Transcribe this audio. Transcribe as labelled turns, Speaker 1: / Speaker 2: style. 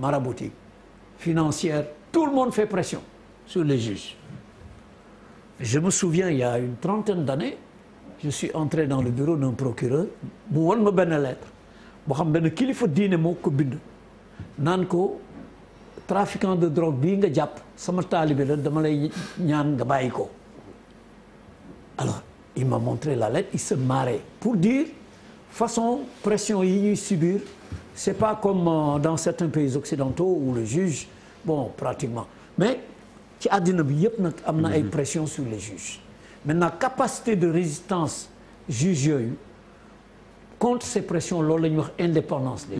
Speaker 1: maraboutique, financière, tout le monde fait pression sur les juges. Je me souviens, il y a une trentaine d'années, je suis entré dans le bureau d'un procureur mu won ma benn lettre boo xam benn kilifa diine moo ko bind ko trafiquant de drogue bii nga jàpp sama taalibe la dama lay ñaan nga bàyyi ko alors il m'a montré la lettre il se marrait pour dire façon pression yi ñuy subir c'est pas comme euh, dans certains pays occidentaux où le juge bon pratiquement mais ci àddina bi yëpp nag am na ay mhm. pression sur les juges maintenant capacité de résistance juge yooyu contre ces pressions loolu la ñuy wax indépendance